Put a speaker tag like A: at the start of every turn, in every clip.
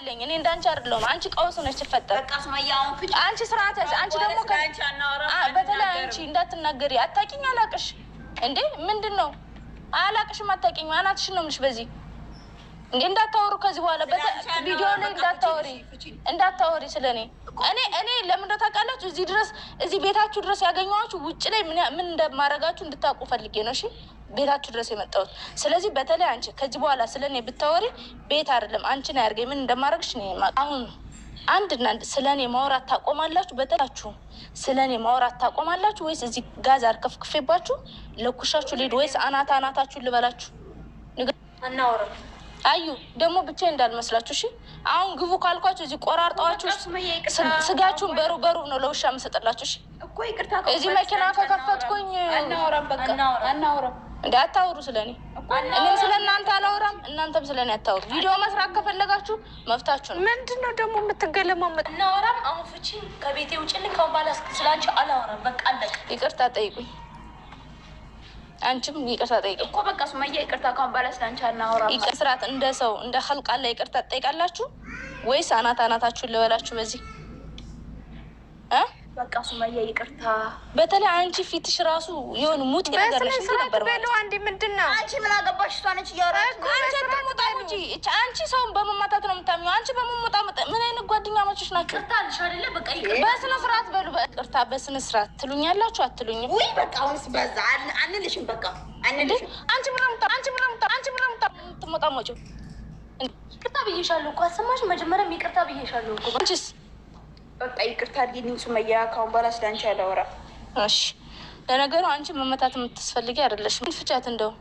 A: አለኝ። እኔ እንዳንቺ አይደለሁም። አንቺ ቀውስ ነች ትፈጠር አንቺ ስርዓት አንቺ ደግሞ በተለይ አንቺ እንዳትናገሪ አታውቂኝ። አላቅሽ እንዴ ምንድን ነው አላቅሽም፣ አታውቂኝ። አናትሽን ነው የምልሽ። በዚህ እንዴ እንዳታወሩ ከዚህ በኋላ ቪዲዮ ላይ እንዳታወሪ እንዳታወሪ ስለ እኔ እኔ እኔ ለምን እንደ ታውቃላችሁ እዚህ ድረስ እዚህ ቤታችሁ ድረስ ያገኘኋችሁ ውጭ ላይ ምን እንደማረጋችሁ እንድታውቁ ፈልጌ ነው። እሺ ቤታችሁ ድረስ የመጣሁት። ስለዚህ በተለይ አንቺ ከዚህ በኋላ ስለ እኔ ብታወሪ ቤት አይደለም አንቺን አያርገኝ ምን እንደማድረግሽ እኔ አሁን አንድ እና አንድ ስለ እኔ ማውራት ታቆማላችሁ። በተላችሁ ስለ እኔ ማውራት ታቆማላችሁ ወይስ እዚህ ጋዝ አርከፍክፌባችሁ ለኩሻችሁ ልሂድ ወይስ አናት አናታችሁ ልበላችሁ? አናወራም። አዩ ደግሞ ብቻ እንዳልመስላችሁ እሺ። አሁን ግቡ ካልኳችሁ እዚህ ቆራርጠዋችሁ ስጋችሁን በሩ በሩ ነው ለውሻ የምሰጥላችሁ እሺ። እዚህ መኪና ከከፈትኩኝ
B: አናወራም። በቃ
A: አናወራም። እንደ አታውሩ ስለ እኔም ስለ እናንተ አላወራም፣ እናንተም ስለ እኔ አታውሩ። ቪዲዮ መስራት ከፈለጋችሁ መፍታችሁ
B: ነው። ምንድን ነው ደግሞ የምትገለማመጥ? እናወራም። አሁን ፍቺ ከቤቴ ውጭ ውጭልኝ። ከሁን በኋላ ስላንቺው አላወራም። በቃ አለቅ።
A: ይቅርታ ጠይቁኝ። አንቺም ይቅርታ ጠይቅ እኮ
B: በቃ ሱመያ፣ ይቅርታ ከሁን ባላ ስላንቺ አናወራም።
A: ይቅስራት እንደ ሰው እንደ ኸልቃላ ይቅርታ ትጠይቃላችሁ ወይስ አናት አናታችሁን ልበላችሁ በዚህ
B: በቃ ሱመያ ይቅርታ።
A: በተለይ አንቺ ፊትሽ ራሱ የሆነ ሙጥ
B: ነገርሽ ነበር። አንቺ ምን አገባሽ?
A: አንቺ ሰውን በመማታት ነው አንቺ ምን አይነት ጓደኛ ማቾች ናቸው? በስነ ስርዓት በሉ። በቅርታ በስነ ስርዓት ትሉኛላችሁ አትሉኝም?
B: በቃ አሁንስ በዛ አንልሽም። በቃ አንቺ አንቺ በቃ ይቅርታ ሊኒ ሱመያ፣ ካሁን በኋላ ስለ አንቺ አላወራም።
A: እሺ። ለነገሩ አንቺ መመታት የምትስፈልጊ አይደለሽም። ፍጫት እንደው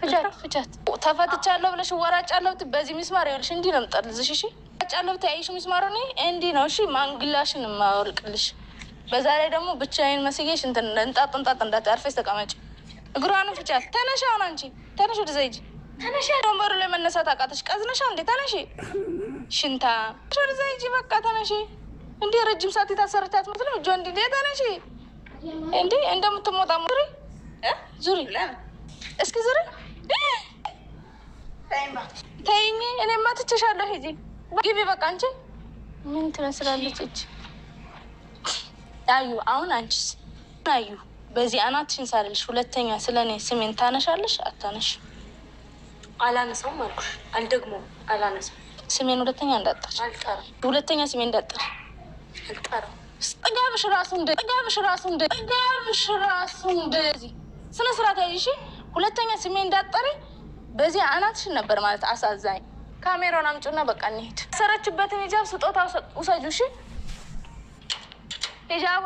A: ፍጫት ፍቻት። ተፈትቻለሁ ብለሽ ወራጫለሁ። በዚህ ሚስማር ይኸውልሽ እንዲህ ነው የምጠልዝሽ። እሺ፣ ወራጫለሁ ብትያይሽ ሚስማር እኔ እንዲህ ነው። እሺ፣ ማንግላሽን የማወልቅልሽ። በዛ ላይ ደግሞ ብቻዬን መስዬሽ እንትን እንጣጥ እንጣጥ እንዳት አርፌስ ተቀመጭ። እግሯንም ፍጫት። ተነሽ፣ አሁን አንቺ ተነሽ፣ ወደዛ ሂጂ። ተነሽ፣ ወንበሩ ላይ መነሳት አቃተሽ። ቀዝነሻ እንዴ? ተነሽ፣ ሽንታ፣ ወደዛ ሂጂ። በቃ ተነሽ። እንዴ ረጅም ሰዓት የታሰረች አትመስልም? እጇ እንዲ የተነሽ እንዴ እንደምትሞጣ ሙሪ ዙሪ እስኪ ዙሪ ተይኝ። እኔማ ትችሻለሁ። ሂጂ ግቢ በቃ። አንቺ ምን ትመስላለች እች አዩ። አሁን አንቺስ አዩ፣ በዚህ አናትሽን ሳልልሽ ሁለተኛ ስለ እኔ ስሜን ታነሻለሽ? አታነሽ።
B: አላነሳውም አልኩሽ። አልደግሞም። አላነሳም።
A: ስሜን ሁለተኛ እንዳጠር፣ ሁለተኛ ስሜን እንዳጠር ጥጋብሽ ራሱ ጥጋብሽ ራሱ ጥጋብሽ ራሱ እንደዚህ ስነ ስርዓት ያይሽ። ሁለተኛ ስሜ እንዳጠሪ በዚህ አናትሽን ነበር ማለት አሳዛኝ። ካሜራውን አምጪና በቃ እንሂድ። ሰረችበትን ሂጃብ ስጦታ ውሰጁ እሺ ሂጃብ